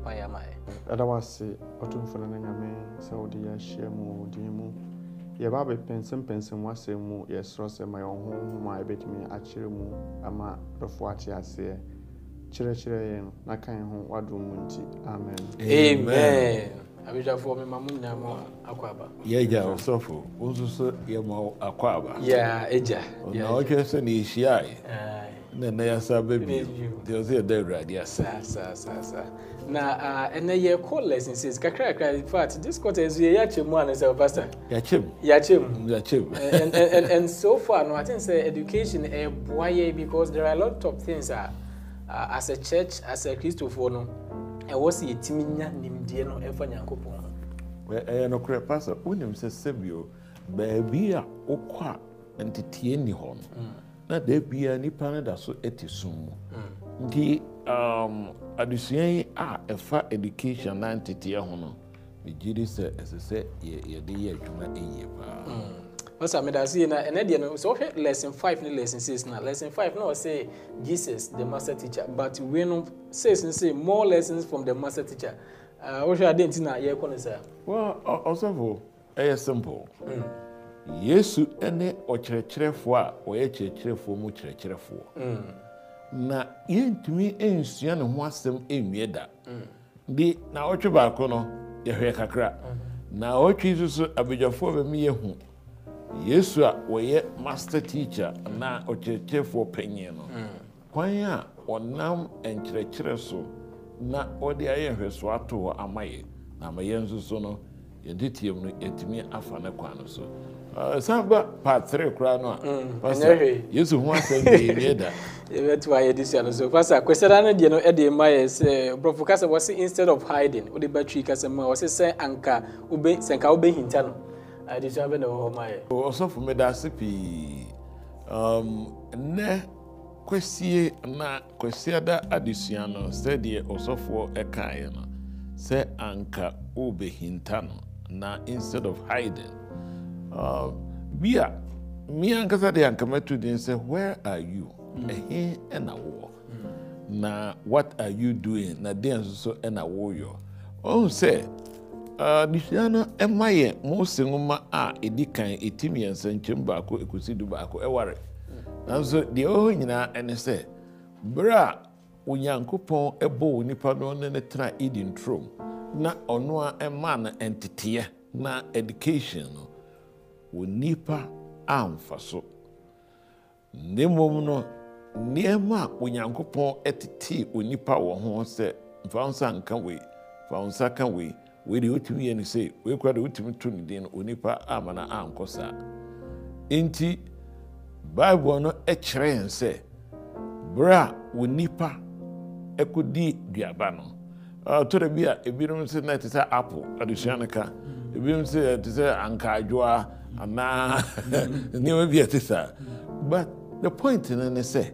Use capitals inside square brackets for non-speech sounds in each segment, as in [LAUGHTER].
mpaeɛ ya yɛ ɛda w ase ɔtomfo no ne nyame sɛ ya mu wɔ din mu yɛba bɛpɛnsempɛnsem w'asɛm mu yɛsorɔ si ma yɛwɔ ho hom a yɛbɛtumi mu ama dɔfoɔ ate chire kyerɛkyerɛ yɛn na ka ho nti amen amen abidwafoɔ mema mo nyinaa mo akɔ e na e ne na ɛnɛ yɛ kɔ lesson six kakrakra in fact this quarter is yɛ yɛakyɛ mu ana sɛ pastor yɛakyɛ mu yɛakyɛ mu yɛakyɛ mu [LAUGHS] and and and so far no i think sɛ education ɛboa yɛ because there are a lot of things a uh, uh, as a church as a kristofoɔ no ɛwɔ sɛ yɛtumi nya nimdeɛ no ɛfa nyankopɔn ho ɛyɛ nokorɛ pastor wonim sɛ sɛbio baabi a wokɔ a nteteɛ nni hɔ no mm. na da biara nnipa no da so ɛte som mu mm. nti um, adesua yi a ɛfa education na nteteɛ ho no megye di sɛ ɛsɛ sɛ yɛde yɛ adwuma yie paa ɔsɛ mm. medase yi na ɛnɛ deɛ no sɛ wohwɛ lesson 5 ne lesson 6 na lesson 5 na ɔsɛ jesus the master teacher but wei no six no sɛ more lessons from the master teacher ah, wohwɛ uh, adɛn nti na yɛkɔ no saa well ɔsɛfo ɛyɛ simple mm. yesu ne a ɔyɛ kyerɛkyerɛfoɔ mu kyerɛkyerɛfoɔ mm. na yɛntumi nsua ne ho asɛm nwie da de na baako no yɛhwɛ kakra na ɔtwe nso so abadwafoɔ bɛmi yɛhu yesu a wɔyɛ master teacher na ɔkyerɛkyerɛfoɔ panyin no kwan a ɔnam nkyerɛkyerɛ so na ɔde ayɛ nhwɛsoɔ ato hɔ ama yɛ na ama yɛn nso so no yɛde tiam no yɛtumi afa ne kwan no so san ba part three kura no a. Mm, pastor yesu ho asɛm de yɛ da. [LAUGHS] yɛbɛto a yɛde sua no so pastor kwesɛda no deɛ no ɛde ma yɛ sɛ borɔfo kasa wɔse instead of hiding wode batwi kasa mu a wɔse sɛ anka wobe sɛ nka wobɛhinta no ade sua bɛ na ɛwɔ hɔ ma yɛ. ɔsɔfo meda ase pii um, nnɛ kwasie na kwasiada adesua no sɛdeɛ ɔsɔfoɔ ɛkaeɛ no sɛ anka wobɛhinta no na instead of hiding bia a me ankasa deɛ ankama to din sɛ where are you ɛhe ɛna wowɔ na what are you doing na deɛ nso so ɛna woyɔ ɔhu sɛ nisua no ɛma eh, yɛ mose nwoma a ɛdi kan ɛti mmiɛnsa nkyɛm baako ɛkɔsi du baako ɛware nanso deɛ ɛwɔ hɔ nyinaa ɛne sɛ berɛ a onyankopɔn ɛbɔ wɔ nipa no ne ne tena edi eh, ntrom na ɔno a ɛma no ɛnteteɛ na education no onipa amfa so na mmom no nneɛma a onyankopɔn tetee onipa wɔ ho sɛ mfa nsa nka wei mfa nsa ka wei wei deɛ wotumi yɛ no sɛ wei kora deɛ wotumi to ne din no onipa ama no ankɔ saa enti bible no kyerɛ yɛn sɛ berɛ a onipa ɛkɔdii duaba no ɔtɔrɔ bi a ebinom sɛ na ɛte sɛ apple adesua no ka ebinom sɛ ɛte sɛ ankaadwoa anaa nnoɔma bi ɛte saa but the point no ne sɛ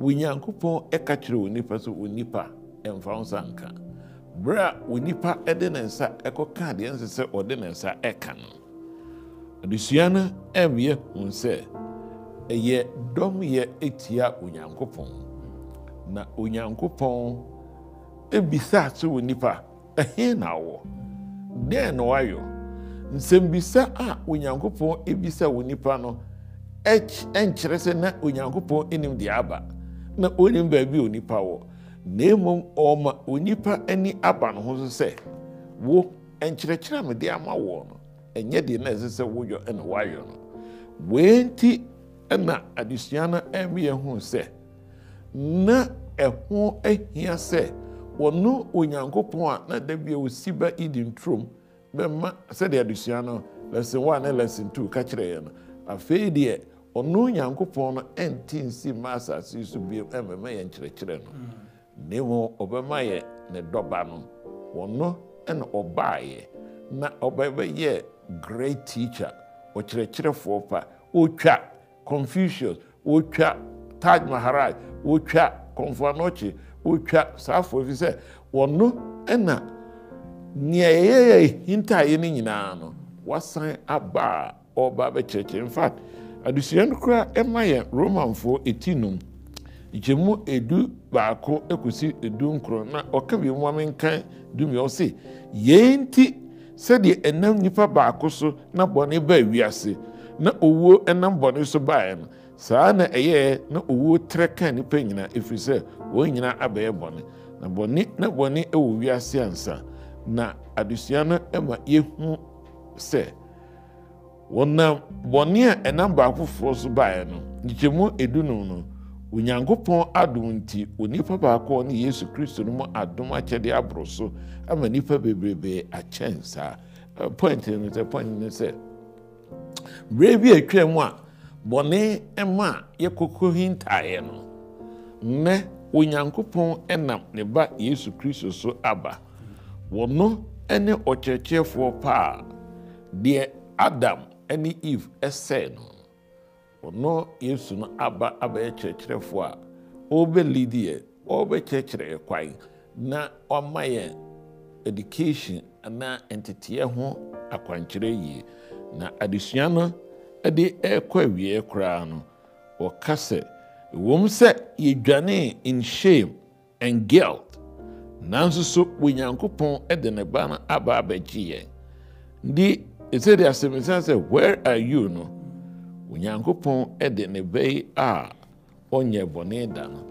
onyankopɔn ɛka kyerɛ wɔ nipa so onipa ɛmfa e wo sa nka berɛ a onipa ɛde e ne nsa ɛkɔka e deɛ nse sɛ ɔde ne nsa ɛka no adesua no ɛmyɛ hu sɛ ɛyɛ yɛ ɛtia onyankopɔn na onyankopɔn ebisa so wɔ nipa ɛhe na wɔ dɛn na wayɔ nsɛmbisa a onyankopɔn bisa wo nipa no ɛnkyerɛ sɛ na onyankopɔn anim deɛ aba na ɔnim baabi onipa wɔ na mmom ɔma onipa ani aba no ho so sɛ wo ɛnkyerɛkyerɛ a mede ama wɔ no ɛnyɛ deɛ na ɛsɛ sɛ woyɔ ɛna woayɔ no wei nti ɛna adesua no ɛmeyɛ ho sɛ na ɛho ahia sɛ wɔno onyankopɔn a na da bia ɔsi ba idi nturom bɛma sɛdeɛ adesua no lesson one ne lesson two ka kyerɛeɛ no afei deɛ ɔno nyankopɔn no ɛnte nsi mma asase yi so bio ɛmmɛma yɛ nkyerɛkyerɛ no na mmom ɔbɛma yɛ ne dɔba no ɔno ɛna ɔbaayɛ na ɔbɛbɛyɛ great teacher ɔkyerɛkyerɛfoɔ pa ɔtwa confucius ɔtwa taj maharaj ɔtwa kɔmfoanɔkye ɔtwa saafoɔ fi sɛ ɔno ɛna nea ɛyɛyɛ hintaeɛ no nyinaa no wasan aba a ɔreba bɛkyerɛkyerɛ nfa adusua no kora ɛma yɛ romanfoɔ ɛti nom nkyɛmu ɛdu baako ekusi edu nkron na ɔka bi mu amenkan dumia ɔse yei nti sɛdeɛ ɛnam nnipa baako so na bɔne baa wiase na owuo ɛnam bɔne so baeɛ no saa na ɛyɛ na owuo trɛ kan nnipa nyinaa ɛfiri sɛ wɔn nyinaa abɛyɛ bɔne na bɔne na bɔne ɛwɔ wiase ansa na adesua no ma yɛhu sɛ wɔnam bɔne a ɛnam baako foforɔ so baeɛ no nkyɛmu edunum no onyankopɔn adom nti onipa baako ne yesu kristo no mu adom akyɛde aboro so ama nipa bebrebee akyɛn saa point no sɛ point no sɛ berɛ bi atwa mu a bɔne ma yɛkɔkɔ hintaeɛ no nnɛ onyankopɔn nam ne ba yesu kristo so aba wɔno ne ɔkyerɛkyerɛfoɔ pa a deɛ adam ne eve sɛe no ɔno yesu no aba abɛyɛ kyerɛkyerɛfoɔ a ɔrebɛlidi yɛ ɔrebɛkyerɛkyerɛ yɛ kwan na ɔma yɛ education anaa nteteɛ ho akwankyerɛ yie na adesua no de ɛrekɔ awie koraa no wɔka sɛ ɛwom sɛ yɛdwanee in shame and guilt nanso so onyankopɔn de ne ba no aba abɛgye yɛn nti ɛsɛ de asɛmisa sɛ where are you no onyankopɔn de ne ba yi a ɔnyɛ bɔne da no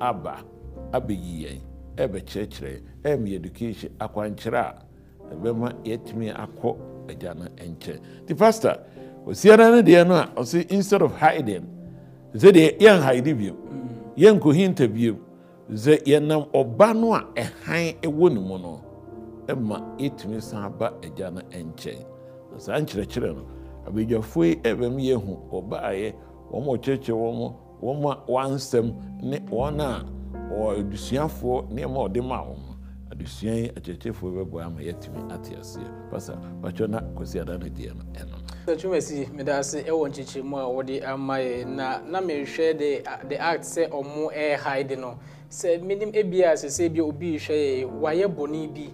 aba abɛyi yɛn ɛbɛkyerɛkyerɛ ɛmi education akwankyerɛ a ɛbɛma yɛtumi akɔ agya no nkyɛn nti pastor osiara no deɛ no a ɔsi instead of hiding sɛ deɛ yɛn hide bio yɛn nkohinta bio. sɛ yɛnam ɔba a ɛhan ɛwɔ ne mu aba no na saa nkyerɛkyerɛ no yi ɛbɛm ɔbaayɛ wɔn a ɔkyerɛkyerɛ wɔn wɔn a wansɛm ne wɔn a adusuafoɔ nneɛma ɔde ma wɔn adusua yi akyerɛkyerɛfoɔ bɛboa ama ate aseɛ pasa na kwasi ada no deɛ no ɛno sɛtwuma si meda ase ɛwɔ nkyekyerɛmu a wɔde ama yɛ na na mehwɛ act sɛ ɔmo sɛ menim ebia sɛ sɛ bia obi hwɛ yɛ wayɛ bɔne bi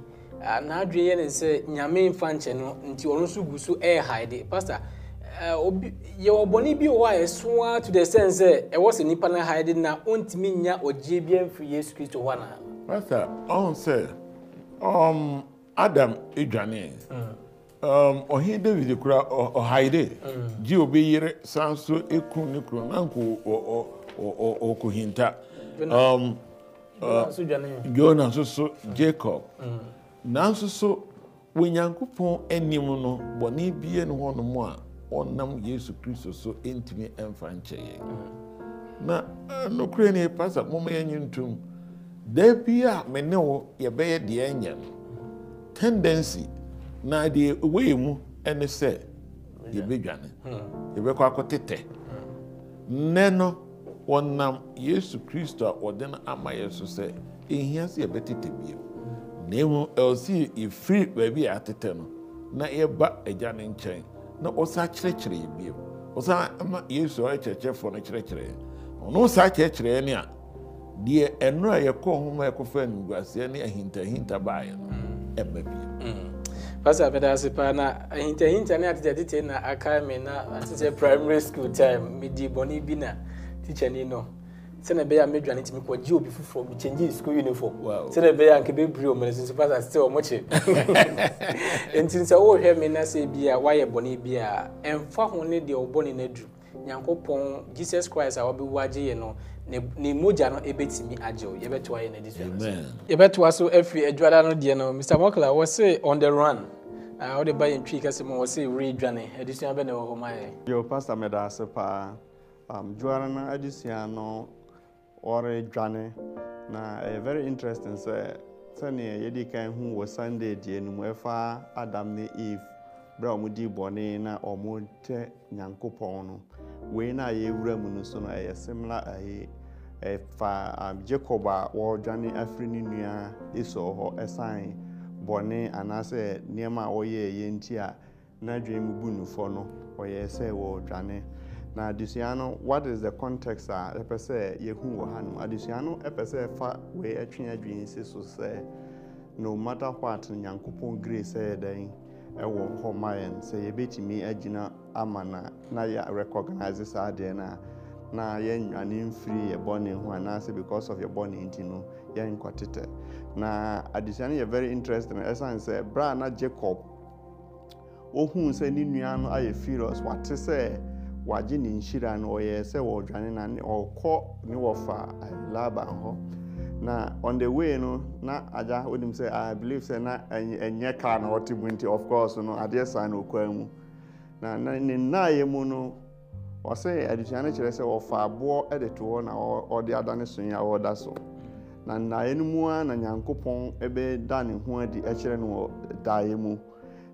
n'adwene yɛ ne sɛ nyame nfa nkyɛ no nti ɔno nso gu so ɛɛhae de obi yɛwɔ bɔne bi wɔ a ɛsoa to the extent sɛ ɛwɔ sɛ nnipa na hae de na ɔntumi nya ɔgyeɛ bi amfiri yesu kristo hɔ anaa pastor ɔhu sɛ um, adam edwane ɔhe david kora ɔhaede gye obi yere san so ekum ne kuro nanko ɔkɔhinta um, jona nso so jacob mm. nanso so onyankopɔn anim no bɔne bia no hɔ no mu a ɔnam yesu kristo so ɛntumi mfa nkyɛeɛ mm. na eh, nokorɛ ni pasa moma yɛnye ntom daa bi a me ne wo yɛbɛyɛ deɛ ɛnyɛ no tendency na deɛ wei mu ɛne sɛ yɛbɛdwane mm. yɛbɛkɔ akɔtetɛ nnɛ no wɔnam yesu kristo a wɔde no ama yɛ so sɛ ehia sɛ yɛbɛtetɛ bio na emu ɛwɔsi efiri baabi a atetɛ no na yɛba agya ne nkyɛn na ɔsa kyerɛkyerɛ yɛ bio ɔsa ama yesu ɔyɛ kyerɛkyerɛfoɔ no kyerɛkyerɛ ɔno saa kyerɛkyerɛ ni a deɛ ɛnura yɛkɔ homa yɛkɔfɛ nuguaseɛ ne ahintahinta baayɛ no ɛmɛ bi. Mm. pastor abeda ase paa na ahintahinta ne atetɛtetɛ na aka mi na atetɛ primary school time midi di bɔnni bi na tikyani no sɛnɛ bɛyɛ a mɛdwane tumi kɔ gye obi foforɔ bi kyɛngye school uniform sɛnɛ bɛyɛ [LAUGHS] a nka bɛbiri ɔmɛne so nsopa sa ɔmo kye nti sɛ wohwɛ me na sɛ bi a woayɛ bɔne bi a ɛmfa ho ne deɛ ɔbɔne no adu nyankopɔn jesus christ a wɔbɛwu agye yɛ no ne mogya e, eh, no ɛbɛtumi agyew yɛbɛtoa yɛ no adi so yɛbɛtoa so afiri adwada no deɛ no mr mokla wɔ se on the run wode ba yɛntwi kɛsɛ mu wɔ se redwane adesua bɛ ne wɔ hɔ ma yɛ yo pastor meda ase paa juara ade sua ọrịa dwane na ɛyɛ eh, very interesting sɛ sɛnea eh, yɛde kan hu wɔ sunday deɛ no mu ɛfa adam ne eve berɛ a wɔdi bɔne na wɔtɛ nyankopɔn no wei na yɛwura mu no so na ɛyɛ eh, similar ɛyɛ ɛfa um, jacob a wɔredwane afiri ne nua e hɔ ɛsan bɔne anaasɛ nneɛma a wɔyɛ yɛn ti a n'adwene mu bu no ɔyɛ sɛ wɔredwane na adesua no what is the context a ɛpɛ sɛ yɛhu wɔ ha nom adesua no ɛpɛ sɛ ɛfa wei atwe adwene si so sɛ no matter what nyankopɔn grace ɛyɛ dɛn ɛwɔ hɔ ma yɛn sɛ yɛbɛtumi agyina ama na na yɛ recognize saa adeɛ no a na yɛnnwane mfiri yɛ bɔne ho anaasɛ because of yɛ bɔne nti no yɛnkɔtetɛ na adesua no yɛ very interesting ɛsiane sɛ berɛ a na jacob ɔhuu sɛ ne nua no ayɛ furious wate sɛ wagye ne nhyira no ɔyɛɛ sɛ wɔredwane na ɔrekɔ ne wɔfa eh, laban hɔ na on the way no na agya wonim sɛ i believe sɛ na ɛnyɛ car na ɔte mu nti of course no adeɛ na ɔkwan mu na ne nnaeɛ mu no ɔsɛ adusua no kyerɛ sɛ ɔfa aboɔ de to hɔ na ɔde a ɔreda so na no mu na nyankopɔn bɛda ne ho adi kyerɛ no wɔ daeɛ mu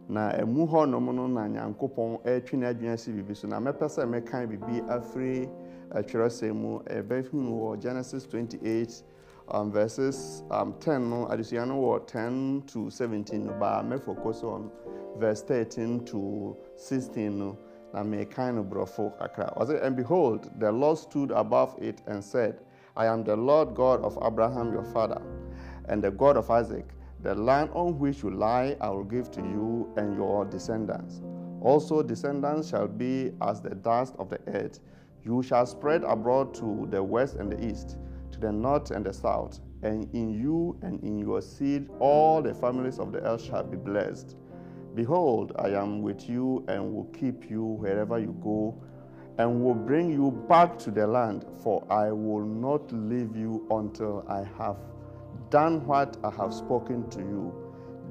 na ɛmu hɔnom no na nyankopɔn ɛretwe n'adwene si biribi so na mɛpɛ sɛ mɛkan biribi afiri atwerɛsɛm mu ɛbɛhunu wɔ genesis 28 um, verses um, 10 no adesua no wɔ 10 to 17 no baa mɛfocus on verse 13 to 16 no na mekan no borɔfo kakra ɔsɛ and behold the lord stood above it and said i am the lord god of abraham your father and the god of isaac the land on which you lie I will give to you and your descendants. Also, descendants shall be as the dust of the earth. You shall spread abroad to the west and the east, to the north and the south, and in you and in your seed all the families of the earth shall be blessed. Behold, I am with you and will keep you wherever you go, and will bring you back to the land, for I will not leave you until I have done what I have spoken to you.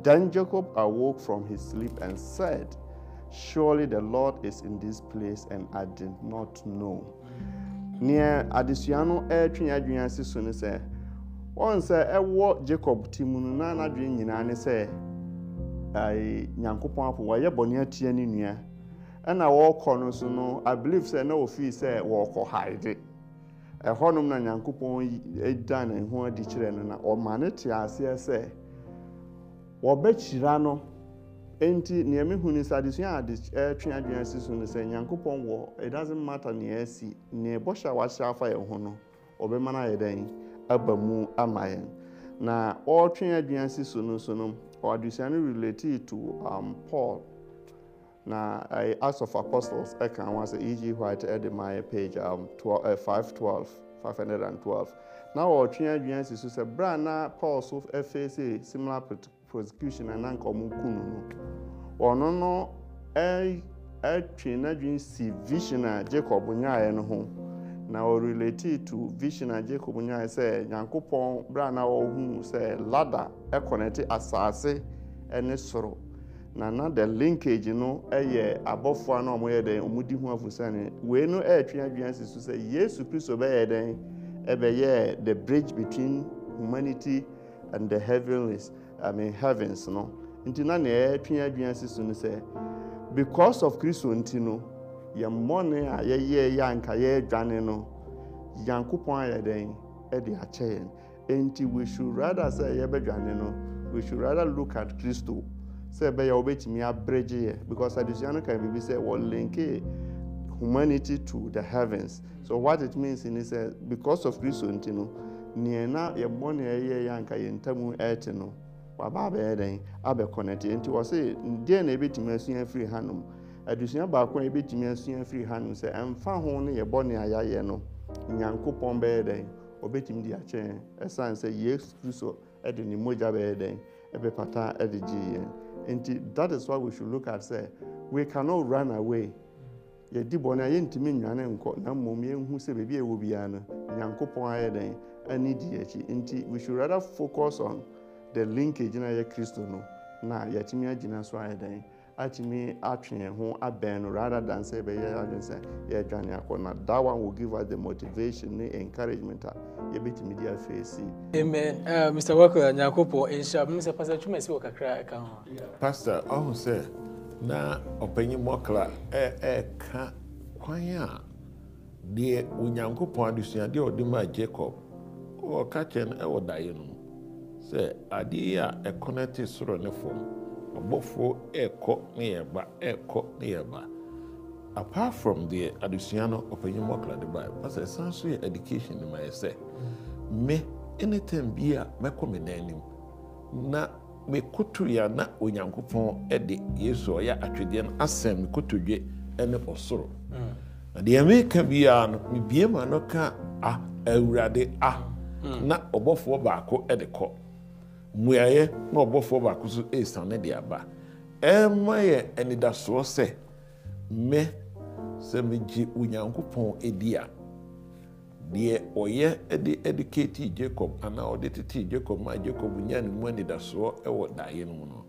Then Jacob awoke from his sleep and said, Surely the Lord is in this place, and I did not know. Near Adisiano, Ertrin Adrian Sisson sɛ wɔn sɛ ɛwɔ Jacob ti mu no na n'adwene nyinaa ne sɛ ɛɛ nyankopɔn afɔ wɔyɛ bɔnne atia ne nua ɛna wɔrekɔ no so no I believe sɛ na ofii sɛ wɔrekɔ haide. ɛhɔnom na nyankopɔn da ne ho adi kyerɛ no na ɔma ne te aseɛ sɛ wɔbɛkyira no nti nea mehu ne sɛ adesua a ɛtwe adwene si so no sɛ nyankopɔn wɔ it doesn't matter nea asi nea bɔhyɛ a wahyɛ afa yɛn ho no ɔbɛma no ayɛ dɛn aba mu ama yɛn na ɔretwe adwene si so no so no ɔadesua no related to um, paul na Acts of Apostles ɛka ho asɛ E.G. White ɛde ma yɛ page um, 512 512 na wɔtwe adwuma si so sɛ bra na Paul so ɛfɛɛsɛ similar prosecution a na nka ɔmo ku no no ɔno no ɛtwe n'adwene si vision a Jacob nyaeɛ no ho na ɔrelate to vision a Jacob nyaeɛ sɛ Nyankopɔn bra na ɔhuu sɛ lada ɛkɔnɛte asase ɛne soro na na the linkage no yɛ abɔfoɔ a na wɔyɛ dɛn wɔdi ho afosane wei no ɛretwe adwene si so sɛ yesu kristo bɛyɛ dɛn ɛbɛyɛ the bridge between humanity and the heavens i mean heavens no nti na nea ɛretwe adwene si so no sɛ because of kristo nti no yɛn mmɔne a yɛyɛ yɛ anka yɛredwane no yankopɔn ayɛ dɛn ɛde akyɛ yɛn nti we should rather sɛ yɛbɛdwane no we should rather look at kristo. sɛ ɛbɛyɛ wobɛtumi abrɛgye yɛ because adesua no kan biribi sɛ wɔlenke humanity to the heavens so what it means ni sɛ eh, because of kristo nti no nea na yɛbɔ nea ɛyɛ yɛ anka yɛn ntamu ɛɛte no waba abɛyɛ dɛn abɛkɔnɛte nti wɔse deɛ na ebɛtumi asua firi hanom adesua baako a ebɛtumi asua firi hanom sɛ ɛmfa ho ne yɛbɔ nea yɛayɛ no nyankopɔn bɛyɛ dɛn obɛtumi de akyɛn ɛsan sɛ yesu kristo ɛde ne mogya bɛyɛ dɛn ɛbɛpata ɛde gye yɛn nti that is why we should look at say we cannot run away yɛdi bɔne a yɛntumi nnwane nkɔ na mmom yɛnhu sɛ baabi a ɛwɔ biara no nyankopɔn ayɛ dɛn ani di akyi nti we should rather focus on the linkage na yɛ kristo no na yɛatumi agyina so ayɛ dɛn atumi atwe ho abɛn no rather than sɛ yɛbɛyɛ adwene sɛ yɛadwane akɔ na that one will give us the motivation ne a yɛbɛtumi de afei si mr uh, wako nyankopɔn ɛnhyira mem sɛ pastor twuma si wɔ kakra ɛka ho pastor ɔho sɛ na ɔpanyin mmɔkra ɛɛka kwan a deɛ onyankopɔn adesuadeɛ a ɔde maa jacob ɔka ɛwɔ daeɛ no sɛ adeɛ a ɛkɔnɛte soro ne ɔbɔfoɔ ɛrekɔ ne yɛba ɛrekɔ ne yɛba apart from deɛ adesua no ɔpanyin mɔkra de baa pasɛ san so yɛ education ma yɛ sɛ me anytime bi a mɛkɔ me dan anim na me koto ya na onyankopɔn ɛde yesu ɔyɛ atwedeɛ no asɛn me kotodwe ɛne ɔsoro mm. na deɛ meka biara no mebie ma no ka a ah, awurade a ah. mm. na ɔbɔfoɔ baako ɛde kɔ mmuaeɛ na ɔbɔfoɔ baako so ɛsane de aba ɛma yɛ anidasoɔ sɛ me sɛ megye onyankopɔn adi a deɛ ɔyɛ de educate jacob anaa ɔde tetee jacob ma jacob nya ne mu anidasoɔ wɔ daeɛ no mu no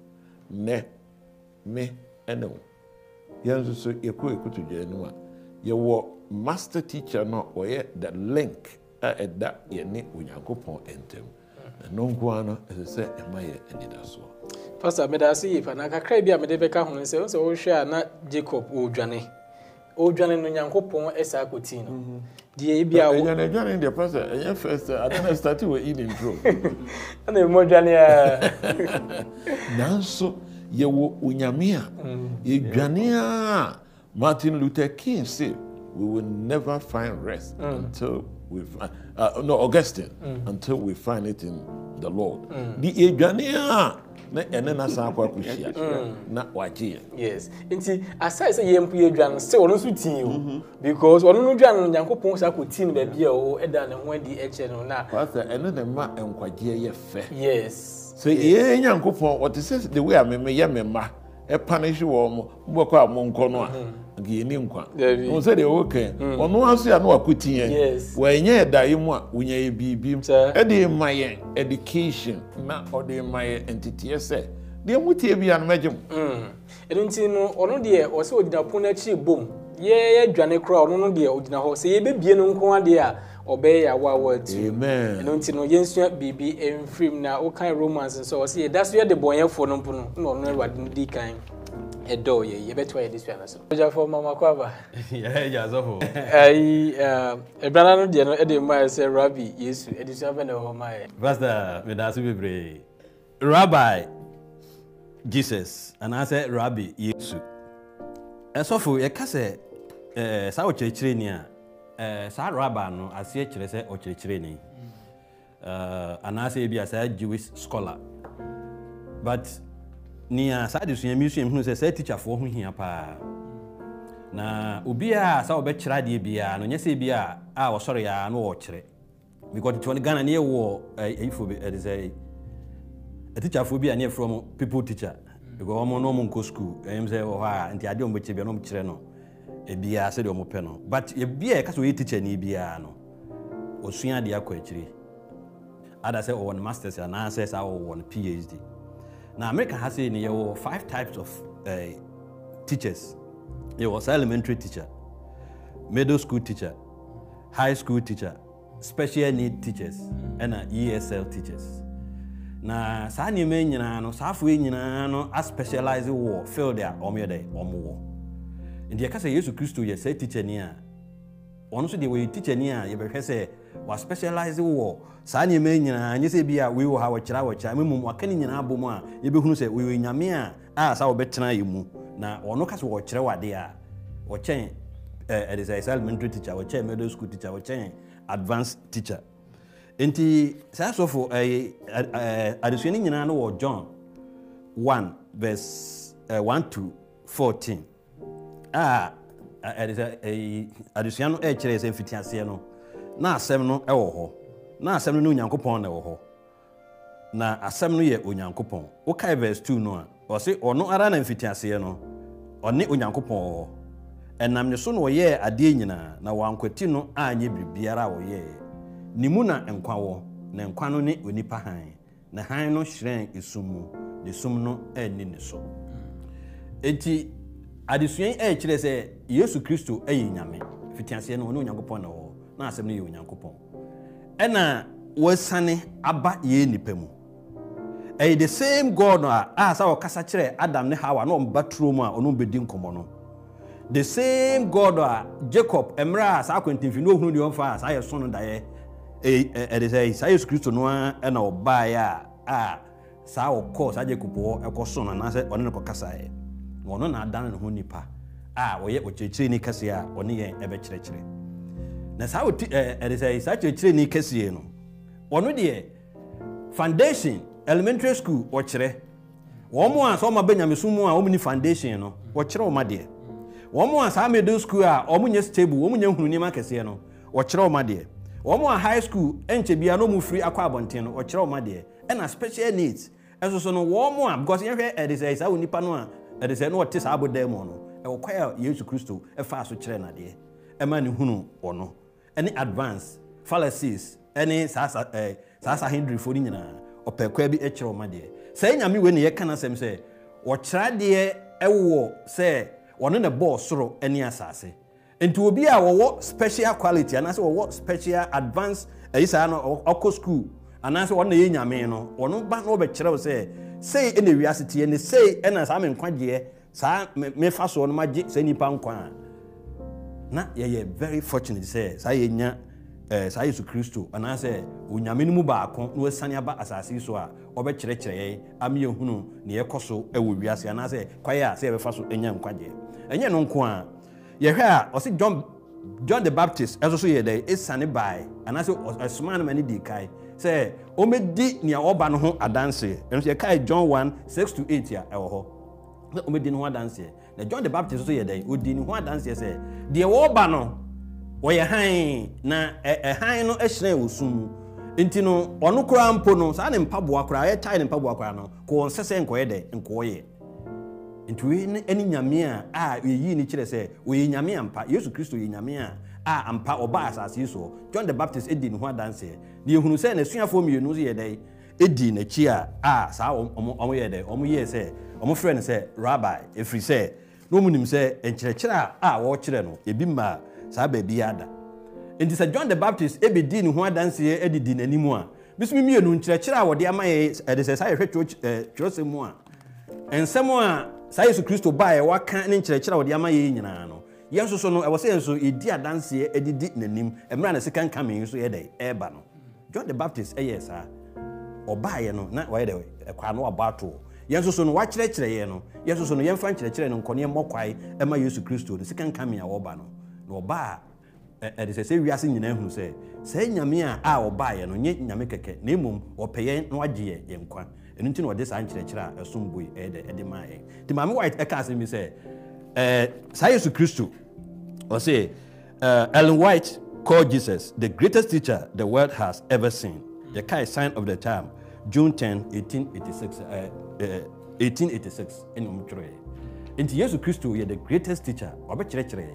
nnɛ me ɛne wo yɛn nso so yɛkɔ yɛkoto dwa no a yɛwɔ master teacher no a ɔyɛ the link a ɛda yɛne onyankopɔn ntam ɛno nko ara no ɛsɛ sɛ ɛma yɛ anidasoɔ pastor meda ase na kakra bi a mede bɛka ho no sɛ sɛ wohwɛ a na jacob ɔredwane ɔredwane no nyankopɔn ɛsa akɔtii no mhm. first adana start wɔ eden tro ɛna ɛmu [LAUGHS] nanso yɛwɔ onyame a mm. yɛdwane a martin luther king say we will never find rest mm. until we uh, uh, no Augustine mm. until we find it in the Lord. Mm. Di edwane a na ɛne na san akɔ akɔhyia mm. na wagye yɛ. Yes nti aside sɛ yɛn mpo yɛ edwane sɛ ɔno nso tii o mm-hmm. because ɔno no dwane no nyankopɔn sɛ akɔ tii no baabi a ɔwɔ ɛda ne ho adi ɛkyɛ no na. Pastor ɛno na ma nkwagyeɛ yɛ fɛ. Yes. So yɛn nyankopɔn ɔte sɛ the way a mɛmɛ yɛ mɛma ɛpanish wɔn mo mbɔkɔ a mo nkɔ no a. Mm-hmm yɛni nkwa ɔn sɛ deɛ ɔwɔkɛ ɔno aso yɛ ano akuti yɛn wɔnyɛ ɛdaeɛ mu a wɔnyɛ yɛ biribi ɛde ma yɛn education na ɔde ma yɛn nteteɛ sɛ deɛ mu tie bi anum ɛgye mu. ɛnu ti no ɔno deɛ ɔsɛ ogyina pon n'akyi bom yɛyɛ dwane koraa ɔno no deɛ ogyina hɔ sɛ yɛbɛbie no nko adeɛ a ɔbɛyɛ awo awo atu ɛnu ti no yɛnsua biribi mfirim na ɔkan romance nso ɔsɛ yɛda so yɛde bɔnyɛfoɔ no mpo no na ɔno ɛwɔ adi di kan ɛdɔ yɛ yɛbɛto ayɛ de sua no so ogyafo mama kɔ aba yɛyɛ asɔfo ayi ɛbrana no deɛ no ɛde mmaa sɛ rabi yesu adesua bɛ na ɛwɔ hɔ maayɛ pastor medaase bebree rabbi jesus anaasɛ rabbi yesu ɛsɔfo e yɛka e sɛ eh, saa ɔkyerɛkyerɛni a eh, saa rabbi no aseɛ kyerɛ sɛ ɔkyerɛkyerɛni anaasɛ ebi a mm. eh, jewish scholar but nea saa de sua mi sua hunu sɛ saa tikyafoɔ ho hia paa na obiaa saa wɔbɛkyerɛ adeɛ biara no nyɛ sɛ bia a wɔsɔre a na wɔkyerɛ because tete no ghana ne yɛwɔ ayifo ɛde sɛ atikyafoɔ bi a ne yɛfrɛ m people teacher because wɔn na wɔn nkɔ school ɛyɛm sɛ wɔ hɔ a nti adeɛ wɔn bɛkyerɛ bi na wɔn kyerɛ no ebiaa sɛdeɛ wɔn pɛ no but ebiaa yɛka sɛ ɔyɛ teacher ni biara no ɔsua adeɛ akɔ akyire ada sɛ ɔwɔ no masters anaasɛ saa ɔwɔ no phd Now, america has sei ne five types of uh, teachers It was elementary teacher middle school teacher high school teacher special need teachers ɛna esl teachers na saa nneɛma yi nyinaa no saa afoɔ yi nyinaa no aspecialize wɔ field a wɔyɛ dɛ wɔwɔ nti yɛka sɛ yesu kristo yɛ sɛ teacher ni a ɔno nso deɛ wɔyɛ teacher ni a yɛbɛhwɛ sɛ waspecialise wɔ saa nneɛma nyinaa nyɛ sɛ bi a wei wɔ ha wɔkyerɛ wɔkyerɛ mmom waka ne nyinaa abɔ mu a yɛbɛhunu sɛ wɔyɛ nyame a a saa wɔbɛtena yɛ mu na ɔno ka sɛ wɔkyerɛ wade a wɔkyɛn ɛde sɛ elementary teacher wɔkyɛn middle school teacher wɔkyɛn advanced teacher nti saa sɔfo ɛɛ adesua no nyinaa no wɔ john one verse one to fourteen a ɛde ɛyi adesua no ɛkyerɛ sɛ mfitiaseɛ no. na asɛm no wɔ hɔ na asɛm no ne onyankopɔn na ɛwɔ hɔ na asɛm no yɛ onyankopɔn wokae vers 2 no a ɔse ɔno ara na mfitiaseɛ no ɔne onyankopɔn wɔ hɔ ɛnam ne so na ɔyɛɛ adeɛ nyinaa na wankwati no anyɛ biribiara a ɔyɛɛ ne mu na nkwa wɔ na nkwa no ne onipa hann na hann no hyerɛn esum mu ne sum no anni ne so enti adesua yi sɛ yesu kristo ɛyɛ nyame fitiaseɛ no ɔne onyankopɔn na wɔ na asɛm no yɛ onyankopɔn ɛna wasane aba yɛn nipa mu ɛyɛ the same god a a ɔkasa kyerɛ adam ne hawa na ɔmba turo mu a ɔno bɛdi nkɔmmɔ no the same god a jacob mmerɛ a saa akwantamfi ne ɔhunu deɛ ɔmfa a saa yɛ so no daeɛ ɛde sɛ saa yesu kristo no a ɛna ɔbaeɛ a a saa ɔkɔɔ saa jacob hɔ ɛkɔ so no anaasɛ ɔne no kɔkasaeɛ na ɔno na adane ne ho nipa a ɔyɛ ɔkyerɛkyerɛni kɛseɛ a ɔne yɛn ɛbɛkyerɛkyerɛ na saa eh, ɛde sɛ saa kyerɛkyerɛ ni kɛseɛ no ɔno deɛ foundation elementary school ɔkyerɛ wɔn a sɛ mu a wɔn ni foundation no ɔkyerɛ a saa middle school a wɔn nyɛ stable wɔn nyɛ hunu nneɛma kɛseɛ no ɔkyerɛ ɔma deɛ wɔn a high school ɛnkyɛ bia na wɔn firi akɔ abɔnten no ɔkyerɛ ɔma deɛ ɛna special needs wɔn a a ɔte saa abodan mu ɛwɔ yesu kristo ne advance fallacies ne saa eh, saa ɛɛ saa saa hindrifo ne nyinaa ɔpɛ kwa bi kyerɛ ɔma deɛ saa nyame wei na yɛka n'asɛm sɛ wɔkyerɛ deɛ ɛwɔ sɛ wɔne ne bɔɔ soro ne asase nti obi a wɔwɔ special quality anaasɛ wɔwɔ special advance ɛyi saa no ɔkɔ school anaasɛ wɔn na yɛ nyame no wɔn ba na wɔbɛkyerɛ wo sɛ sei ɛna ewiase teɛ ne sei ɛna saa me nkwagyeɛ saa mefa soɔ no ma gye saa nipa nkwa a na yɛyɛ very fortunate sɛ saa yɛnya ɛɛ eh, saa yesu kristo anaasɛ onyame no mu baako na wasane aba asase yi so a ɔbɛkyerɛkyerɛ yɛn ama yɛhunu nea ɛkɔ so ɛwɔ wiase anaasɛ kwaeɛ a sɛ yɛbɛfa so ɛnya nkwagyeɛ ɛnyɛ no nko a yɛhwɛ a ɔsi john john the baptist ɛso so yɛ dɛ esane bae anaasɛ ɛsomaa no ma ne di kae sɛ ɔmɛdi nea ɔba no ho adanseɛ ɛno so yɛkae john one six to eight a ɛwɔ hɔ na ɔmɛdi no ho adanseɛ na john the baptist nso yɛ dɛn ɔdi ne ho adanseɛ sɛ deɛ wɔreba no wɔyɛ hann na hann no hyerɛn wɔ sum nti no ɔno koraa mpo no saa ne mpaboa koraa ne mpaboa koraa no kɔɔ nsɛ sɛ nkɔyɛ dɛ nkɔɔyɛ nti ne nyame a a yɛyii ne kyerɛ sɛ nyame ampa yesu kristo yɛ nyame a a ampa john the baptist di ne ho adanseɛ na yɛhunu sɛ n'asuafoɔ mmienu nso yɛ dɛn ɛdi n'akyi a a saa ɔmo yɛ dɛ sɛ frɛ no na wɔn nim sɛ nkyerɛkyerɛ a wɔrekyerɛ no ebi mmaa saa baabi ada nti sɛ john the baptist ebedi ne ho adanseɛ edidi n'anim a bisimi mmienu nkyerɛkyerɛ a wɔde ama yɛ ɛde sɛ saa yɛhwɛ twerɛsɛm mu a nsɛm a saa yesu kristo baa yɛ waka ne nkyerɛkyerɛ a wɔde ama yɛ nyinaa no yɛn nso so no ɛwɔ sɛ yɛn nso yɛdi adanseɛ edidi n'anim mmerɛ na sika nkame yi nso yɛ dɛ ɛɛba no john the baptist ɛyɛ saa ɔbaa yɛ no na wɔyɛ dɛ ɛkwa no abɔ ato yɛn soso no wakyerɛkyerɛeɛ no yɛn soso no yɛmfa nkyerɛkyerɛ no nkɔneɛ mmɔ kwae ɛma yesu kristo no sika nkame a wɔba no na ɔba a ɛde sɛ sɛ wiase nyinaa hunu sɛ saa nyame a a ɔbaeɛ no nyɛ nyame kɛkɛ na mmom ɔpɛ yɛn na wagye yɛ yɛn nkwa ɛno nti na ɔde saa nkyerɛkyerɛ a ɛsom boi ɛde ɛde maa yɛn nti maame white ɛka asɛm bi sɛ ɛɛ saa yesu kristo ɔse ɛɛ ellen white called jesus the greatest teacher the world has ever seen the kind sign of the time june ten eighteen eighty six ɛɛ. 1886 eh, ɛna ɔmo twerɛ nti yesu kristo yɛ the greatest teacher ɔbɛkyerɛkyerɛ yɛ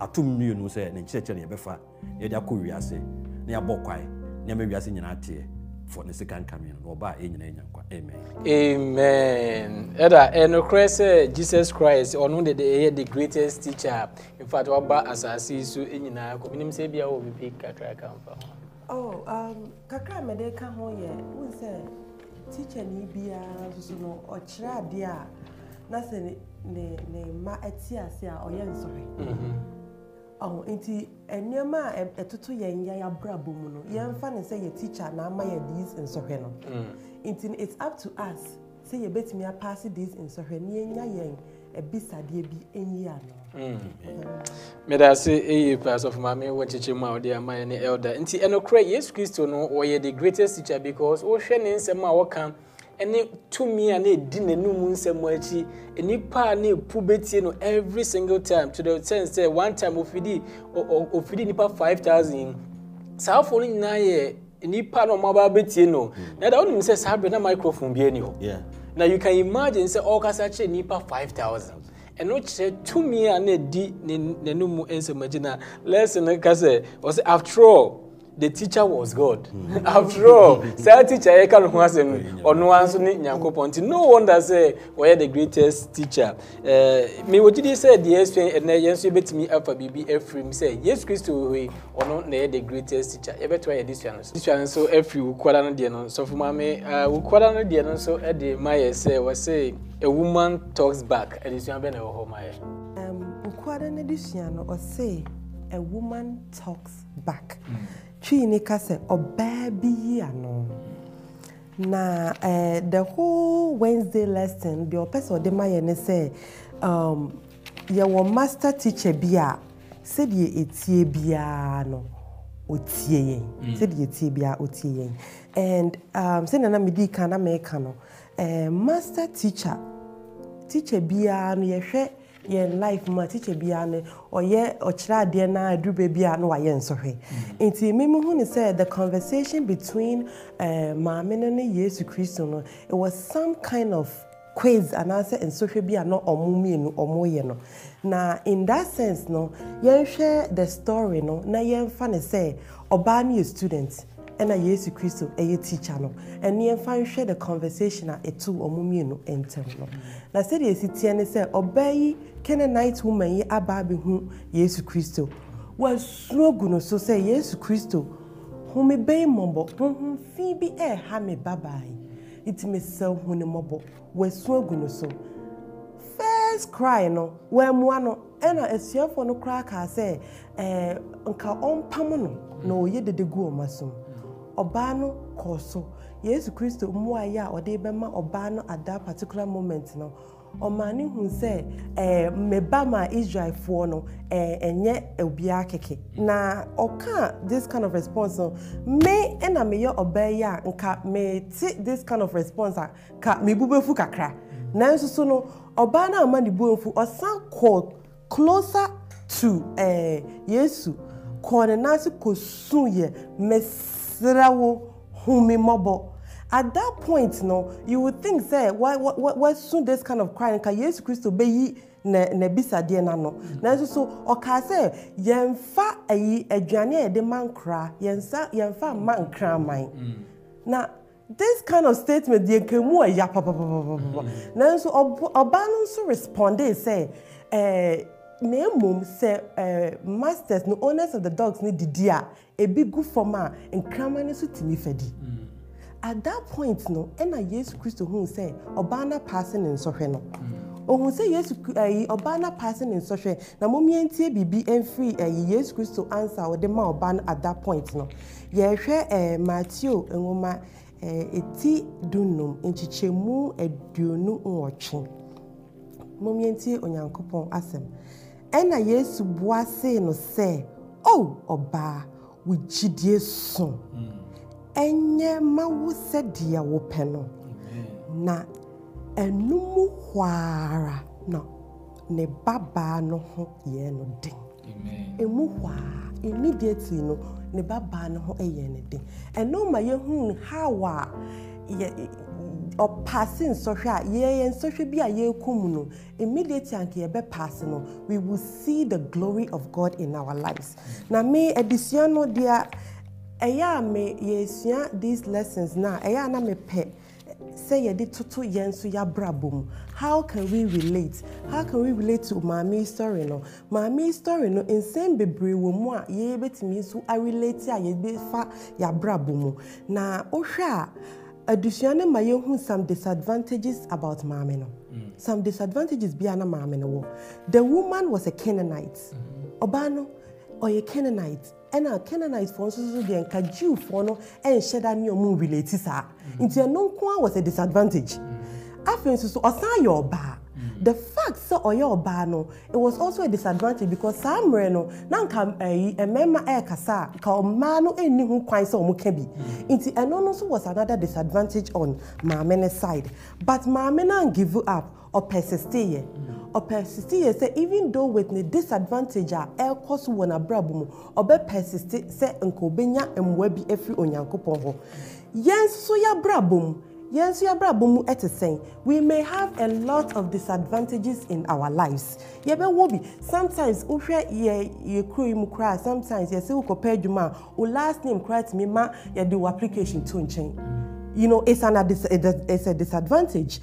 atum mmienu sɛ ne nkyerɛkyerɛ yɛ bɛfa yɛde akɔ wiase na yɛabɔ kwae na yɛma wiase nyinaa teɛ for ne sika nkame no na ɔba a ɛnyina nkwa amen amen ɛda ɛnokorɛ sɛ jesus christ ɔno de de ɛyɛ the greatest teacher infact waba asase yi so nyinaa kɔ menim sɛ bia wɔ bibi kakra ka mfa ho oh, um, kakra mede ka ho yɛ wo sɛ tikyani biara nso no ɔkyerɛ adeɛ a na ne ne mma ɛte ase a ɔyɛ nsɔre mhm. ɔho nti nneɛma a ɛtoto yɛn yɛ yɛabrabɔ mu no yɛmfa ne sɛ yɛ tikya na ama yɛ these nsɔhwɛ no mm. nti it's up to us sɛ yɛbɛtumi apaase these nsɔhwɛ na yɛnya yɛn ebisadeɛ bi ɛnyi ano. mmeda ase eyi pa asɔfo maame wɔ kyekyɛ mu a ɔde ama yɛ ne elder nti ɛnokora yesu kristo no ɔyɛ the greatest teacher because wohwɛ ne nsɛm a wɔka ɛne tumi a na edi n'anum nsɛm akyi nipa a na epu betie no every single time to the sense sɛ one time ofidi ofidi nipa five thousand saa afɔ no nyinaa yɛ nipa na ɔmo aba betie no mm. na da wɔn nim sɛ saa abɛ na microphone bi ɛni hɔ na you can imagine sɛ ɔrekasa kyerɛ nipa five thousand ɛno kyerɛ tumi a na edi n'anum nsɛm agyina lesson ka sɛ ɔsɛ after all the teacher was god [LAUGHS] after all saa teacher yɛ ka no ho asɛm no ɔno nso ne nyankopɔn nti no wonder sɛ ɔyɛ the greatest teacher mewɔ gyidie sɛ deɛ ɛsua ɛnɛ yɛn nso yɛbɛtumi afa biribi afiri mu sɛ yesu kristo wei ɔno na ɛyɛ the greatest teacher yɛbɛto ayɛ de sua no so sua no nso afiri wo kwada no deɛ no sɔfo maame wo kwada no deɛ no nso ɛde ma yɛ sɛ wɔse a woman talks back adesua bɛ na ɛwɔ hɔ ma yɛ nkwada no de sua no ɔse a woman talks back mm twi ni ka sɛ ɔbaa bi yi ano na ɛɛ eh, the whole wednesday lesson deɛ ɔpɛ sɛ ɔde ma yɛ ne sɛ um, yɛwɔ master teacher bi a sɛdeɛ etie biara no otie yɛn mm. sɛdeɛ etie biara otie yɛn and um, sɛdeɛ na medi kan na mɛka no ɛɛ eh, master teacher teacher biara no yɛhwɛ yɛn life mu a tikya biara no ɔyɛ ɔkyerɛadeɛ na aduru baabi a no wayɛ nsɔhwɛ nti mímu hu ne sɛ the conversation between eh, maame no ne yesu kristo no it was some kind of quiz anaasɛ nsɔhwɛ bi a na ɔmo mmienu ɔmo yɛ no na in that sense no yɛnhwɛ the story no na yɛmfa ne sɛ ɔbaa no yɛ student ɛna yesu kristo ɛyɛ teacher no ɛne yɛmfa nhwɛ the conversation a ɛtu ɔmo mmienu ntɛm no na sɛdeɛ ɛsi teɛ ne sɛ ɔbaa yi canaanite woman yi aba abɛhu yesu kristo wasuo gu no so sɛ yesu kristo home bɛyi mmɔbɔ honhom fi bi ɛreha me babaa yi nti mesɛ hu ne mmɔbɔ wasuo gu no so first cry no wɔammua no ɛna asuafoɔ no koraa kaa sɛ ɛɛ nka ɔmpam no na ɔyɛ dede gu ɔma so ọbaa no kɔɔ so yesu kristo mmuaeɛ a ɔde bɛma ɔbaa no adaa particular moment no ɔmaa ne sị sɛ meba ma israelfoɔ no ɛnyɛ obiara keke na ɔka this kind of response no me na meyɛ ɔbaa yi a nka mete this kind of response a ka mebu bɛfu kakra nanso so no ọbaa no ama ne buamfu ɔsan kɔɔ closer to yesu kɔɔ ne nan so kɔsuu yɛ mɛsi srawo humi mobo. At that point, no, you would think, say, why, why, why soon this kind of crying? Can Jesus Christ obey na na bisa deɛ n'ano nanso so ɔkaa sɛ yɛnfa ayi aduane a yɛde ma nkora yɛnsa yɛnfa ma nkora man na this kind of statement yɛ nka mu ɛya papapapapa nanso ɔbaa no nso respondee sɛ ɛɛ na emom sɛ ɛɛ masters no owners of the dogs ne didi a ebi gu fam a nkraman no nso tumi fadi mm. at that point no ɛna yesu kristo hu sɛ ɔbaa no paase ne nsɔhwɛ no ohun mm. sɛ yesu ɛyi ɔbaa no paase ne nsɔhwɛ na mo mmiɛntie biribi mfiri ɛyi yesu kristo ansa a ɔde ma ɔbaa no at that point no yɛrehwɛ ɛɛ eh, matthew nwoma ɛɛ eh, eti dunum nkyekyɛmu aduonu nwɔtwe mo mmiɛntie onyankopɔn asɛm ɛna yesu bua see no sɛ o oh, ɔbaa. wo gyidie so ɛnyɛ ma wo sɛ deɛ wopɛ no na ɛno mu na ne babaa no ho yɛ no den ɛmu hɔ immediately no ne babaa no ho yɛ no den ɛno ma yɛhu how a yɛ ɔpaase nsɔhwɛ a yɛyɛ nsɔhwɛ bi a yɛrekɔ mu no immediately anka yɛbɛpaase no we will see the glory of God in our lives na me adesua no deɛ ɛyɛ a me yɛresua these lessons na ɛyɛ a na mepɛ sɛ yɛde toto yɛn nso yɛabrabɔ mu how can we relate how can we relate to maame story no maame story no nsɛm bebree wɔ mu a yɛbɛtumi nso arelate a yɛde fa yɛabrabɔ mu na wohwɛ a adusua ne ma yɛhu some disadvantages about maame no mm. some disadvantages bi na maame no wɔ the woman was a canaanite mm-hmm. ɔbaa no ɔyɛ canaanite ɛna canaanite fɔ nso so deɛ nka jew fɔ no ɛnhyɛ da ne ɔmo relate saa mm-hmm. nti ɛno nko a was a disadvantage mm-hmm. afei nso so ɔsan yɛ ɔbaa the fact sɛ ɔyɛ ɔbaa no it was also a disadvantage because saa mmerɛ no na nka ɛyi eh, eh, mmarima ɛrekasa a ka ɔmaa no ɛnni ho kwan sɛ ɔmo ka bi mm. nti ɛno no nso was another disadvantage on maame ne side but maame na give up ɔpɛsistee yɛ mm. ɔpɛsistee yɛ sɛ even though with ne disadvantage a ɛrekɔ so wɔ n'abrabɔ mu ɔbɛpɛsistee sɛ nka obenya mmoa bi afiri onyankopɔn hɔ yɛn nso yɛ abrabɔ mu yẹn nso abrabọ mu te sɛn we may have a lot of disadvantages in our lives yɛbɛwɔ bi sometimes wohwɛ yɛ yɛ kuro yi mu koraa sometimes yɛsɛ wokɔpɛ adwuma a wo last name koraa tumi ma yɛde wo application to nkyɛn you know it's, an, it's a disadvantage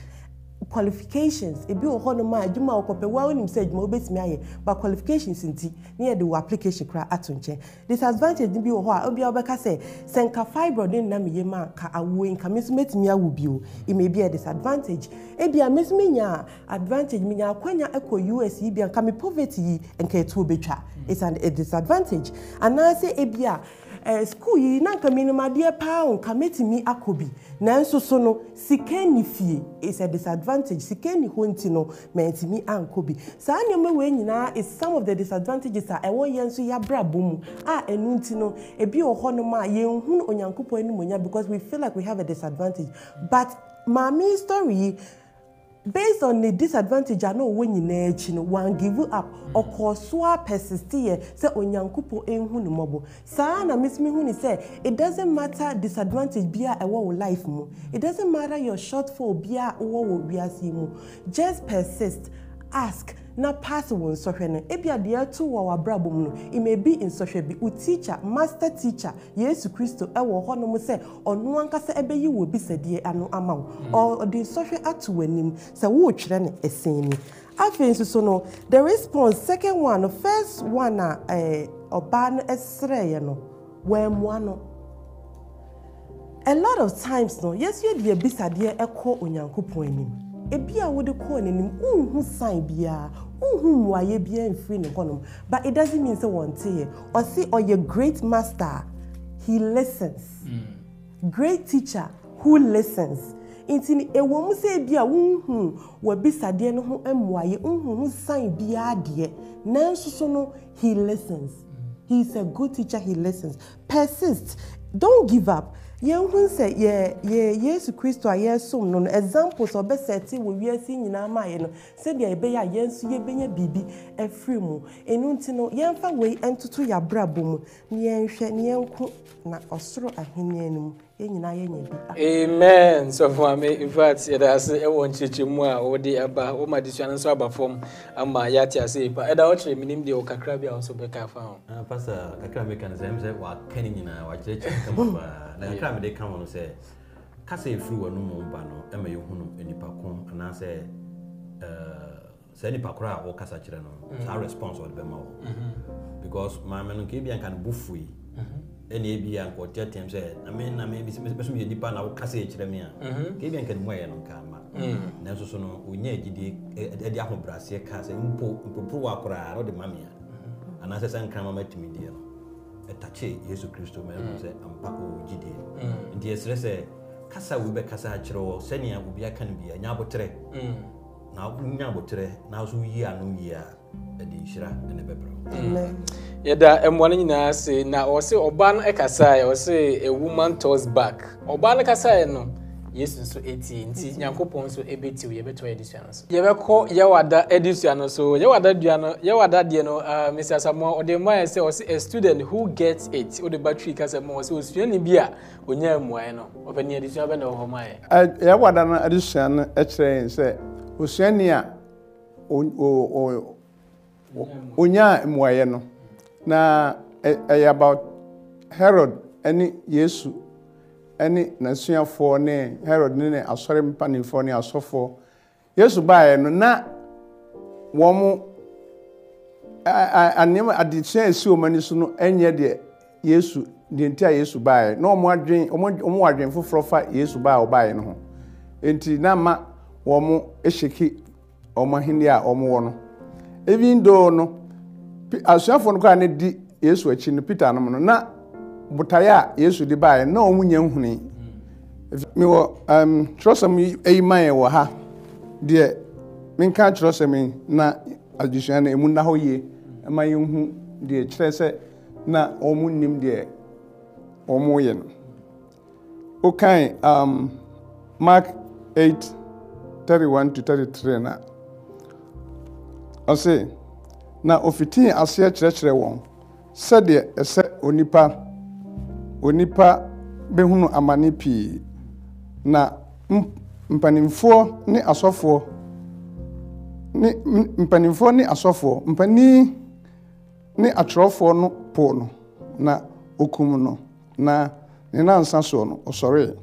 qualifications ebi wɔ hɔnom a adwuma a wɔkɔpɛ wɔn anim sɛ adwuma wɔbɛtumi ayɛ but qualifications nti ne yɛ de wɔ application kora ato nkyɛn disadvantage bi wɔ hɔ a obi a wɔbɛka sɛ sɛ nka fibro ne nnam yie ma ka awoe nka me nso mɛtumi awo bio ema ebi yɛ disadvantage ebi a me nso me nya advantage me nya akwanya ɛkɔ us yi bi a nka me poverty yi nka etuo betwa it's a disadvantage anaasɛ ebi a ɛɛ eh, sukuu yi na nka minimadeɛ paa nka mɛtumi akɔ bi nanso so no sika ni fie is a disadvantage sika ni hɔ nti no mɛntumi ankɔ bi saa nneɛma wei nyinaa is some of the disadvantages a ɛwɔ yɛn nso yabra bɔ mu a ɛnu nti no ebi wɔ hɔnom a yɛn hu onyankopɔn anim onya because we feel like we have a disadvantage but maame story yi based on the disadvantage a na ɔwɔ nyinaa akyi no wan give up ɔkɔɔ so a persist yɛ sɛ onyankopɔn ehu ne mmɔbɔ saa na mesimi hu ne sɛ it doesn't matter disadvantage bi a ɛwɔ wo life mu it doesn't matter your shortfall bi a wowɔ wɔ wiase mu just persist ask na pass wo nsɔhwɛ no ebi adeɛ ato wɔ w'abrabɔ mu no imebi nsɔhwɛ bi wo teacher master teacher yesu kristo ɛwɔ hɔnom sɛ ɔno ankasa ɛbɛyi wɔ bisadeɛ ano ama wo mm. ɔde nsɔhwɛ ato w'anim sɛ woretwerɛ no ɛsɛn mu afei nso so no the response second one no first one a ɛɛ ɔbaa no ɛsrɛɛ no wɔammua no a lot of times no yɛsua deɛ bisadeɛ ɛkɔ onyankopɔn anim ebi a wɔde kɔɔ n'anim nhun sign biara nhun mmuayɛ biara mfiri ne hɔnom but it doesn't mean sɛ wɔn te yɛ ɔsi ɔyɛ great master he listens mm. great teacher who listens nti no ɛwɔ mu sɛ ebi a nhun wɔbisadeɛ no ho mmuayɛ nhun ho sign biara deɛ nanso so no he listens hmm. he is a good teacher he listens persist don't give up. yɛnhu sɛ yɛ yesu kristo a yɛsom no no examples sɛ ɔbɛsɛ te wɔ wiase nyinaa ma yɛ no sɛdeɛ yɛbɛyɛ a yɛn nso yɛbɛnya biribi afiri mu ɛno nti no yɛmfa wei ntoto yɛ abrabɔ mu na yɛnhwɛ na yɛnko na ɔsoro no mu yɛn nyinaa yɛnyɛ bi. amen sɔfo ame in fact yɛda ase ɛwɔ nkyerɛkyerɛmu a wɔde aba wɔma adesua no nso aba fam ama yɛate ase pa ɛda wɔkyerɛ menim deɛ ɔkakra bi a wɔso bɛka fa ho pasa kakra meka no sɛ m sɛ waka no nyinaa wakyerɛkyerɛ kama paa na kakra mede ka ho no sɛ kasa ɛfiri wɔ no mu ba no ɛma yɛhunu nipa ko anaasɛ saa nipa korɔ a wɔkasa kyerɛ no saa response wɔde bɛma mm-hmm. wɔ because maame no nka ebia nka no bo fui ɛna ebi a nkɔtɛ tɛm sɛ na me na me bɛsɛ mi yɛ nipa na ɔkasa yɛ kyerɛ mi a mhm. ke bi nkɛ ne mu ayɛ no nka ama mm. nanso so no onye agyidie ɛde ahobraseɛ kaa sɛ mpo mpopowa koraa ɔde ma mi a mm-hmm. anaasɛ sɛ nkrama ma tumi deɛ no ɛtakye yesu kristo ma ɛho mm. sɛ ampa ɔwɔ gyidie mm. nti yɛsrɛ sɛ kasa wo bɛkasa akyerɛ wɔ sɛnea obi aka no bia nya abotrɛ na wonya abotrɛ na so yi a no a ɛde nhyira ɛne bɛbrɛ yɛda mmoa no nyinaa ase na ɔse ɔbaa no kasaeɛ ɔse a woman toss back ɔbaa no kasaeɛ no yesu nso ɛtie nti nyankopɔn nso ɛbɛtiw yɛbɛtoa yɛadesua no so yɛbɛkɔ yɛwada adesua no so yɛwada dua no yɛwada deɛ no mr samoa ɔde mmaeɛ sɛ ɔse a student who gets it wode ba twi ka sɛ ma ɔsɛ osuani bi a ɔnya mmuaeɛ no ɔpɛni adesua bɛna wɔ hɔ maɛ yɛwada no adesua no kyerɛ yɛn sɛ osuani a ɔnyaa mmuaeɛ no na ɛyɛ about herod ɛne yesu ɛne n'asuafoɔ ne herod ne ne asɔre mpanimfoɔ ne asɔfoɔ yesu baeɛ no na wɔn nneɛma adesua esi wɔn ani so no nyɛ deɛ yesu deɛ nti a yesu baeɛ na wɔn adwen wɔn wɔn adwen foforɔ fa yesu baeɛ ɔbaeɛ no ho nti na ma wɔn hyeke wɔn ahenni a wɔwɔ no even though no. asuafoɔ no koraa ne di yesu akyi no peter nom no na botaeɛ a yesu de baeɛ na ɔmo nya nhuni mewɔ um, kyerɛsɛm ayi wɔ ha deɛ menka kyerɛsɛm na adesua no ɛmu nna hɔ yie ma deɛ kyerɛ na ɔmo nnim deɛ ɔmo yɛ no wokae um, mark 8 31 to 33 na ɔse na ofitii aseɛ kyerɛkyerɛ wɔn sɛdeɛ ɛsɛ onipa onipa bɛhunu amane pii na mpanimfoɔ ne asɔfoɔ ne mpanimfoɔ ne asɔfoɔ mpanin ne atwerɛfoɔ no po no na okum no na ne nansa soɔ no ɔsɔree